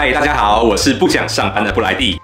嗨，大家好，我是不想上班的布萊蒂。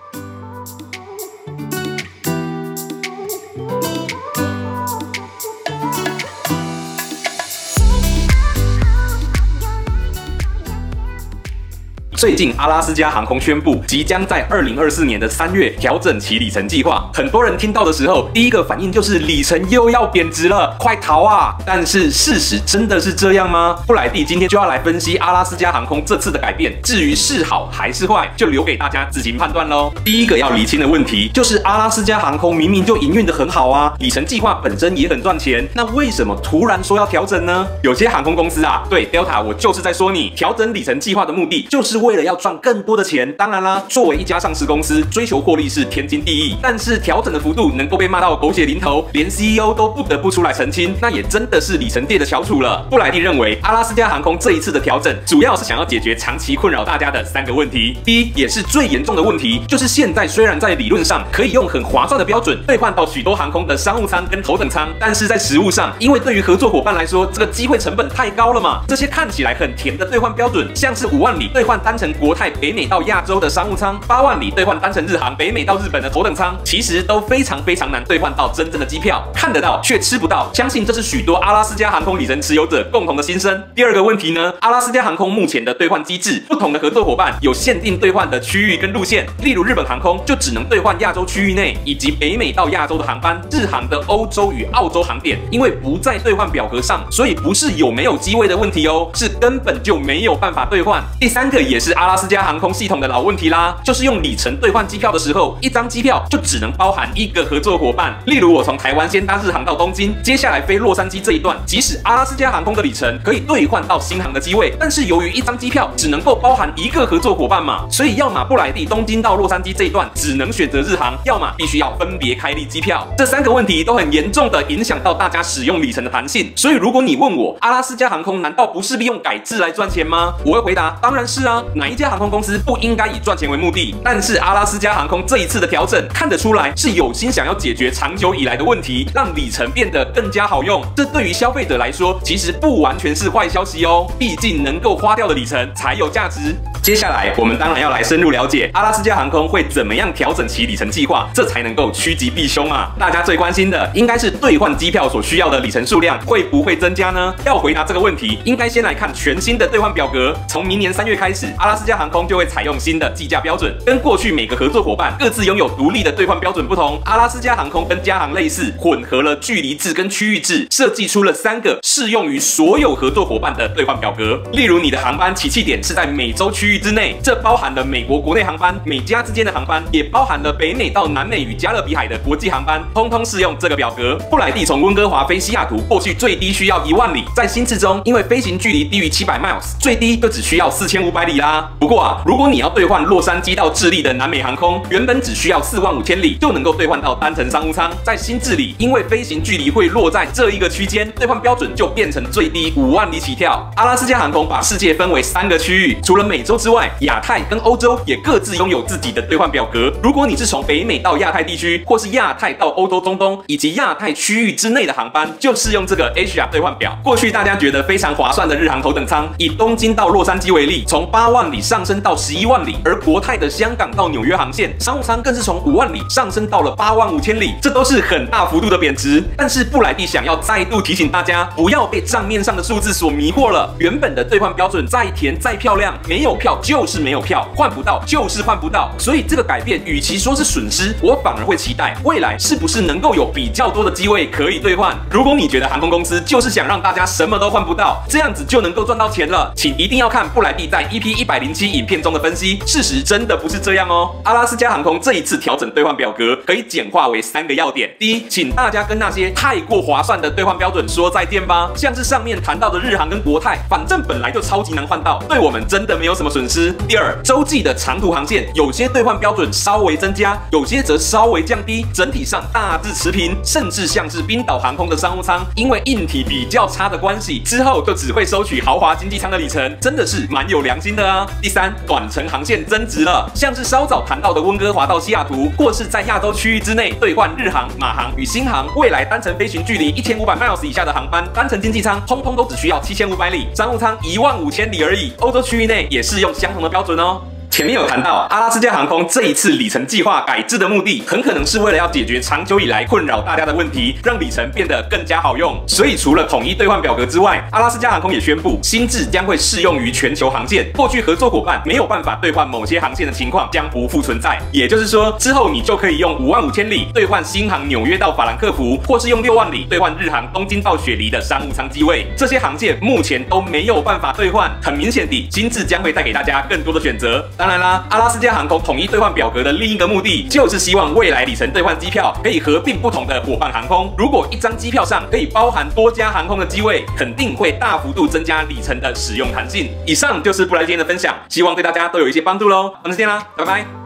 最近阿拉斯加航空宣布即將在二零二四年的三月調整其里程計劃，很多人聽到的時候，第一個反應就是里程又要貶值了，快逃啊！但是事實真的是這樣嗎？布萊蒂今天就要來分析阿拉斯加航空這次的改變，至於是好還是壞，就留給大家自行判斷嘍。第一個要釐清的問題就是阿拉斯加航空明明就營運得很好啊，里程計劃本身也很賺錢，那為什麼突然說要調整呢？有些航空公司啊，對 Delta，我就是在說你調整里程計劃的目的就是。為了要賺更多的錢，當然啦，作為一家上市公司，追求獲利是天經地義。但是調整的幅度能夠被罵到狗血淋頭，連 CEO 都不得不出來澄清，那也真的是里程店的翹楚了。布萊蒂認為，阿拉斯加航空這一次的調整，主要是想要解決長期困擾大家的三個問題。第一，也是最嚴重的問題，就是現在雖然在理論上可以用很划算的標準兌換到許多航空的商務艙跟頭等艙，但是在實務上，因為對於合作伙伴來說，這個機會成本太高了嘛。這些看起來很甜的兌換標準，像是五萬里兌換單。單程國泰北美到亞洲的商務艙，八萬里兌換單程日航北美到日本的頭等艙，其實都非常非常難兌換到真正的機票，看得到卻吃不到，相信這是許多阿拉斯加航空里程持有者共同的心聲。第二個問題呢，阿拉斯加航空目前的兌換機制，不同的合作夥伴有限定兌換的區域跟路線，例如日本航空就只能兌換亞洲區域內以及北美到亞洲的航班，日航的歐洲與澳洲航點，因為不在兌換表格上，所以不是有沒有機位的問題哦，是根本就沒有辦法兌換。第三個也是。是阿拉斯加航空系統的老問題啦，就是用里程兌換機票的時候，一張機票就只能包含一個合作夥伴。例如我從台灣先搭日航到東京，接下來飛洛杉磯這一段，即使阿拉斯加航空的里程可以兌換到新航的機位，但是由於一張機票只能夠包含一個合作夥伴嘛，所以要麼不來地東京到洛杉磯這一段只能選擇日航，要麼必須要分別開立機票。這三個問題都很嚴重的影響到大家使用里程的彈性。所以如果你問我，阿拉斯加航空難道不是利用改制來賺錢嗎？我會回答，當然是啊。哪一家航空公司不應該以賺錢為目的？但是阿拉斯加航空這一次的調整，看得出來是有心想要解決長久以來的問題，讓里程變得更加好用。這對於消費者來說，其實不完全是壞消息哦。畢竟能夠花掉的里程才有價值。接下來我們當然要來深入了解阿拉斯加航空會怎麼樣調整其里程計劃，這才能夠趨吉避凶啊！大家最關心的應該是兌換機票所需要的里程數量會不會增加呢？要回答這個問題，應該先來看全新的兌換表格，從明年三月開始。阿拉斯加航空就會採用新的計價標準，跟過去每個合作夥伴各自擁有獨立的兌換標準不同，阿拉斯加航空跟加航類似，混合了距離制跟區域制，設計出了三個適用於所有合作夥伴的兌換表格。例如，你的航班起訖點是在美洲區域之內，這包含了美國國內航班、美加之間的航班，也包含了北美到南美與加勒比海的國際航班，通通適用這個表格。布萊蒂從溫哥華飛西雅圖，過去最低需要一萬里，在新制中，因為飛行距離低於七百 miles，最低就只需要四千五百里啦。不過啊，如果你要兌換洛杉磯到智利的南美航空，原本只需要四萬五千里就能夠兌換到單程商務艙。在新制裡，因為飛行距離會落在這一個區間，兌換標準就變成最低五萬里起跳。阿拉斯加航空把世界分為三個區域，除了美洲之外，亞太跟歐洲也各自擁有自己的兌換表格。如果你是從北美到亞太地區，或是亞太到歐洲、中東以及亞太區域之內的航班，就適用這個 H R 兌換表。過去大家覺得非常划算的日航頭等艙，以東京到洛杉磯為例，從八萬里上升到十一萬里，而國泰的香港到紐約航線商務艙更是從五萬里上升到了八萬五千里，這都是很大幅度的貶值。但是布萊蒂想要再度提醒大家，不要被賬面上的數字所迷惑了。原本的兌換標準再甜再漂亮，沒有票就是沒有票，換不到就是換不到。所以這個改變與其說是損失，我反而會期待未來是不是能夠有比較多的機會可以兌換。如果你覺得航空公司就是想讓大家什麼都換不到，這樣子就能夠賺到錢了，請一定要看布萊蒂在 EP 一百百零七影片中的分析，事實真的不是這樣哦。阿拉斯加航空這一次調整兌換表格，可以簡化為三個要點：第一，請大家跟那些太過划算的兌換標準說再見吧，像是上面談到的日航跟國泰，反正本來就超級難換到，對我們真的沒有什麼損失。第二，洲際的長途航線，有些兌換標準稍微增加，有些則稍微降低，整體上大致持平，甚至像是冰島航空的商務艙，因為硬體比較差的關係，之後就只會收取豪華經濟艙的里程，真的是蠻有良心的啊。第三，短程航線增值了，像是稍早談到的溫哥華到西雅圖，或是在亞洲區域之內兌換日航、馬航與新航，未來單程飛行距離一千五百 miles 以下的航班，單程經濟艙通通都只需要七千五百里，商務艙一萬五千里而已。歐洲區域內也適用相同的標準哦。前面有談到，阿拉斯加航空這一次里程計劃改制的目的，很可能是為了要解決長久以來困擾大家的問題，讓里程變得更加好用。所以除了統一兌換表格之外，阿拉斯加航空也宣布新制將會適用於全球航線，過去合作夥伴沒有辦法兌換某些航線的情況將不復存在。也就是說，之後你就可以用五萬五千里兌換新航紐約到法蘭克福，或是用六萬里兌換日航東京到雪梨的商務艙機位。這些航線目前都沒有辦法兌換，很明顯地，新制將會帶給大家更多的選擇。當然啦，阿拉斯加航空統一兌換表格的另一個目的，就是希望未來里程兌換機票可以合併不同的夥伴航空。如果一張機票上可以包含多家航空的機位，肯定會大幅度增加里程的使用彈性。以上就是布萊迪今天的分享，希望對大家都有一些幫助嘍。我們再見啦，拜拜。